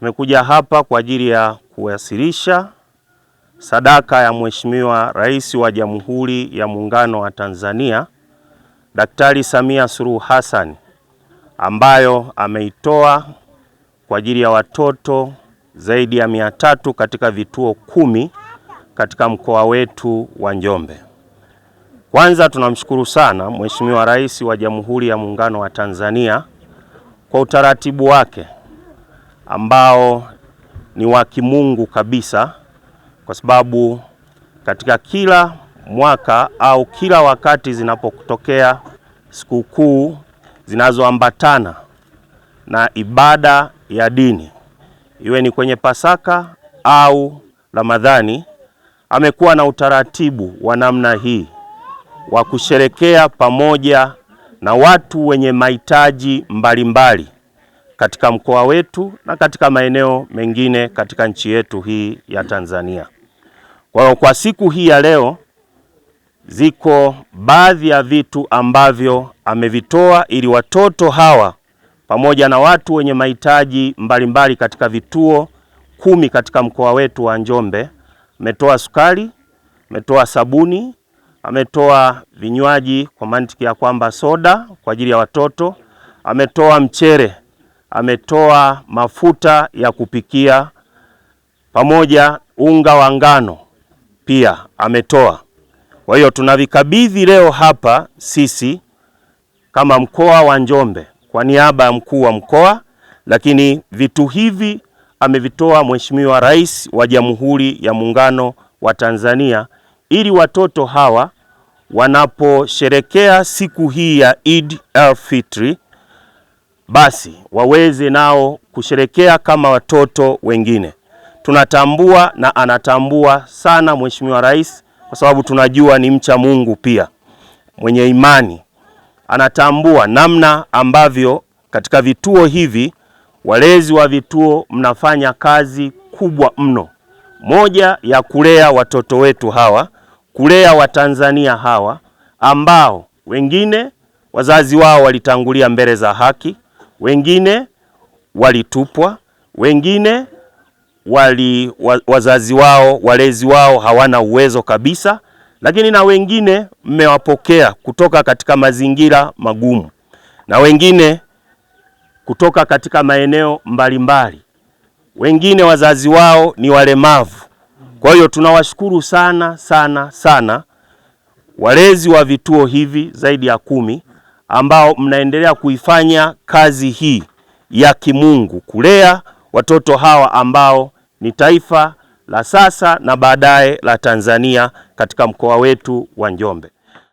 Tumekuja hapa kwa ajili ya kuwasilisha sadaka ya Mheshimiwa Rais wa Jamhuri ya Muungano wa Tanzania Daktari Samia Suluhu Hassan ambayo ameitoa kwa ajili ya watoto zaidi ya mia tatu katika vituo kumi katika mkoa wetu wa Njombe. Kwanza tunamshukuru sana Mheshimiwa Rais wa Jamhuri ya Muungano wa Tanzania kwa utaratibu wake ambao ni wa kimungu kabisa, kwa sababu katika kila mwaka au kila wakati zinapotokea sikukuu zinazoambatana na ibada ya dini, iwe ni kwenye Pasaka au Ramadhani, amekuwa na utaratibu wa namna hii wa kusherekea pamoja na watu wenye mahitaji mbalimbali katika mkoa wetu na katika maeneo mengine katika nchi yetu hii ya Tanzania. Kwa hiyo kwa siku hii ya leo ziko baadhi ya vitu ambavyo amevitoa ili watoto hawa pamoja na watu wenye mahitaji mbalimbali katika vituo kumi katika mkoa wetu wa Njombe. Ametoa sukari, ametoa sabuni, ametoa vinywaji kwa mantiki ya kwamba soda kwa ajili ya watoto, ametoa mchere ametoa mafuta ya kupikia pamoja unga wa ngano pia ametoa. Kwa hiyo tunavikabidhi leo hapa sisi kama mkoa wa Njombe kwa niaba ya mkuu wa mkoa, lakini vitu hivi amevitoa Mheshimiwa Rais wa Jamhuri ya Muungano wa Tanzania ili watoto hawa wanaposherekea siku hii ya Eid al-Fitri basi waweze nao kusherekea kama watoto wengine. Tunatambua na anatambua sana Mheshimiwa Rais kwa sababu tunajua ni mcha Mungu pia mwenye imani, anatambua namna ambavyo katika vituo hivi walezi wa vituo mnafanya kazi kubwa mno, moja ya kulea watoto wetu hawa, kulea Watanzania hawa ambao wengine wazazi wao walitangulia mbele za haki, wengine walitupwa, wengine wali wazazi wao walezi wao hawana uwezo kabisa, lakini na wengine mmewapokea kutoka katika mazingira magumu, na wengine kutoka katika maeneo mbalimbali, wengine wazazi wao ni walemavu. Kwa hiyo tunawashukuru sana sana sana walezi wa vituo hivi zaidi ya kumi ambao mnaendelea kuifanya kazi hii ya kimungu kulea watoto hawa ambao ni taifa la sasa na baadaye la Tanzania katika mkoa wetu wa Njombe.